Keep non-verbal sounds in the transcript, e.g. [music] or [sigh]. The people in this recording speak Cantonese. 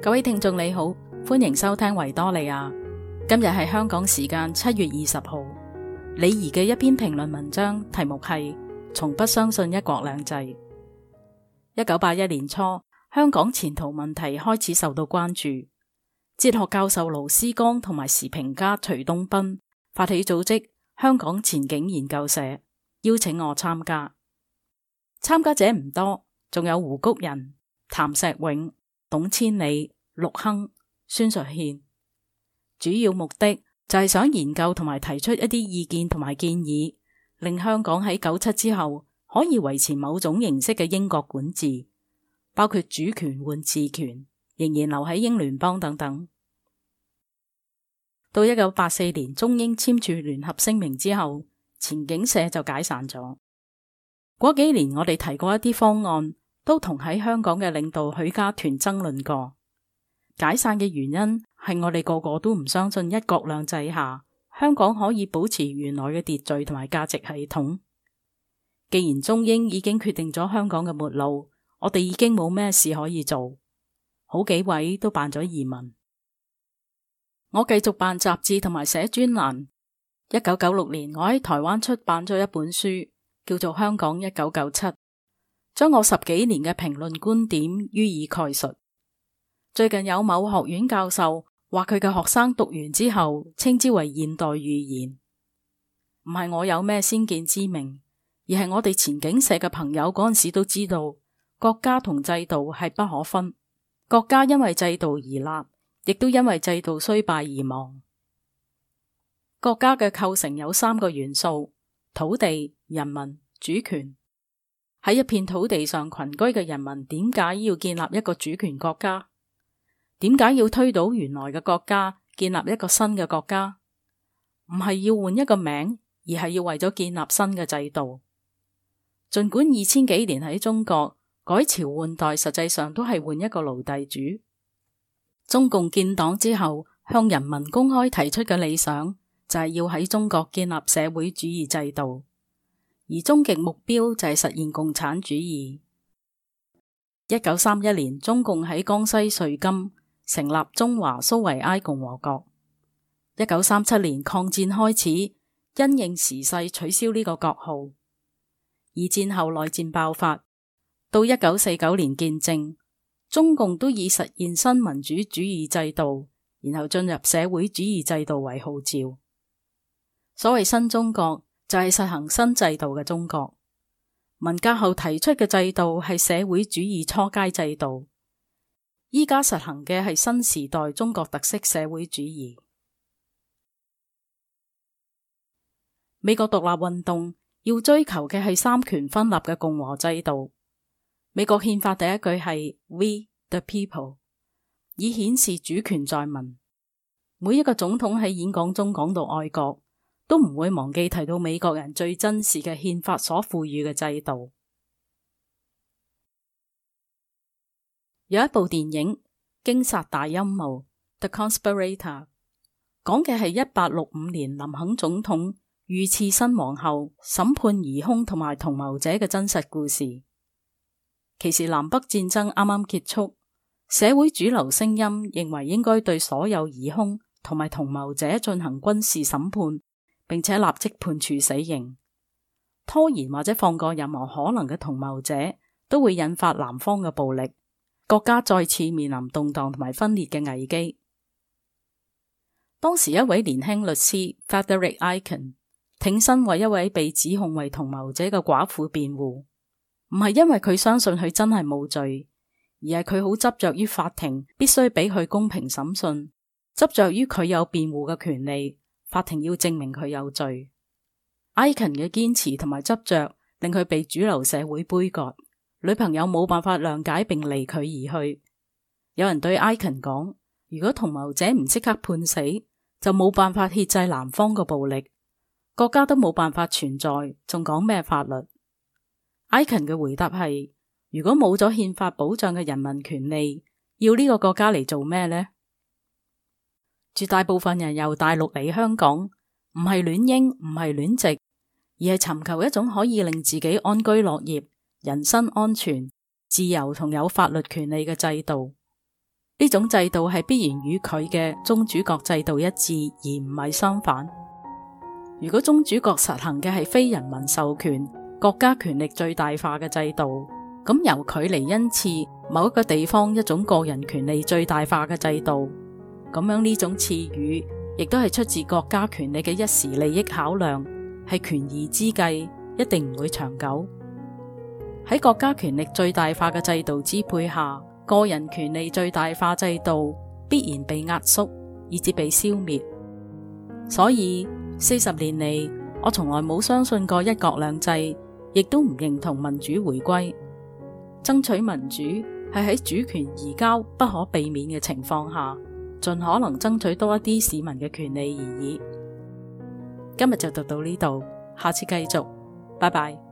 各位聽眾你好，歡迎收聽維多利亞。今日係香港時間七月二十號，李怡嘅一篇評論文章，題目係《從不相信一國兩制》。一九八一年初，香港前途問題開始受到關注。哲學教授盧思光同埋時評家徐東斌發起組織香港前景研究社，邀請我參加。參加者唔多，仲有胡谷人、譚石永、董千里、陸亨、孫述憲。主要目的就係想研究同埋提出一啲意見同埋建議，令香港喺九七之後可以維持某種形式嘅英國管治，包括主權換治權，仍然留喺英聯邦等等。到一九八四年中英簽署聯合聲明之後，前景社就解散咗。嗰幾年我哋提過一啲方案，都同喺香港嘅領導許家屯爭論過。解散嘅原因係我哋個個都唔相信一國兩制下香港可以保持原來嘅秩序同埋價值系統。既然中英已經決定咗香港嘅末路，我哋已經冇咩事可以做。好幾位都辦咗移民。我繼續辦雜誌同埋寫專欄。一九九六年，我喺台灣出版咗一本書，叫做《香港一九九七》，將我十幾年嘅評論觀點予以概述。最近有某學院教授話佢嘅學生讀完之後，稱之為現代預言。唔係我有咩先見之明，而係我哋前景社嘅朋友嗰陣時都知道，國家同制度係不可分，國家因為制度而立。亦都因為制度衰敗而亡。國家嘅構成有三個元素：土地、人民、主權。喺一片土地上群居嘅人民，點解要建立一個主權國家？點解要推倒原來嘅國家，建立一個新嘅國家？唔係要換一個名，而係要為咗建立新嘅制度。儘管二千幾年喺中國，改朝換代實際上都係換一個奴隸主。中共建黨之後，向人民公開提出嘅理想就係要喺中國建立社會主義制度，而終極目標就係實現共產主義。一九三一年，中共喺江西瑞金成立中華蘇維埃共和國。一九三七年抗戰開始，因應時勢取消呢個國號。二戰後內戰爆發，到一九四九年建政。中共都以實現新民主主義制度，然後進入社會主義制度為號召。所謂新中國就係、是、實行新制度嘅中國。文革後提出嘅制度係社會主義初階制度，依家實行嘅係新時代中國特色社會主義。美國獨立運動要追求嘅係三權分立嘅共和制度。美國憲法第一句係 “We the people”，以顯示主權在民。每一個總統喺演講中講到愛國，都唔會忘記提到美國人最珍視嘅憲法所賦予嘅制度。 [music] 有一部電影《驚殺大陰謀》（The Conspirator），講嘅係一八六五年林肯總統遇刺身亡後，審判疑凶同埋同謀者嘅真實故事。其時南北戰爭啱啱結束，社會主流聲音認為應該對所有疑兇同埋同謀者進行軍事審判，並且立即判處死刑。拖延或者放過任何可能嘅同謀者，都會引發南方嘅暴力，國家再次面臨動蕩同埋分裂嘅危機。當時一位年輕律師 Frederick Aiken 挺身為一位被指控為同謀者嘅寡婦辯護。唔係因為佢相信佢真係冇罪，而係佢好執着於法庭必須俾佢公平審訊，執着於佢有辯護嘅權利。法庭要證明佢有罪。艾琴嘅堅持同埋執着令佢被主流社會杯葛，女朋友冇辦法諒解並離佢而去。有人對艾琴講：如果同謀者唔即刻判死，就冇辦法遏制南方嘅暴力，國家都冇辦法存在，仲講咩法律？艾肯嘅回答係：如果冇咗憲法保障嘅人民權利，要呢個國家嚟做咩呢？絕大部分人由大陸嚟香港，唔係戀英，唔係戀殖，而係尋求一種可以令自己安居樂業、人身安全、自由同有法律權利嘅制度。呢種制度係必然與佢嘅宗主國制度一致，而唔係相反。如果宗主國實行嘅係非人民授權。國家權力最大化嘅制度，咁由佢嚟恩賜某一個地方一種個人權利最大化嘅制度，咁樣呢種賜予亦都係出自國家權力嘅一時利益考量，係權宜之計，一定唔會長久。喺國家權力最大化嘅制度支配下，個人權利最大化制度必然被壓縮，以致被消滅。所以四十年嚟，我從來冇相信過一國兩制。亦都唔認同民主回歸，爭取民主係喺主權移交不可避免嘅情況下，盡可能爭取多一啲市民嘅權利而已。今日就讀到呢度，下次繼續，拜拜。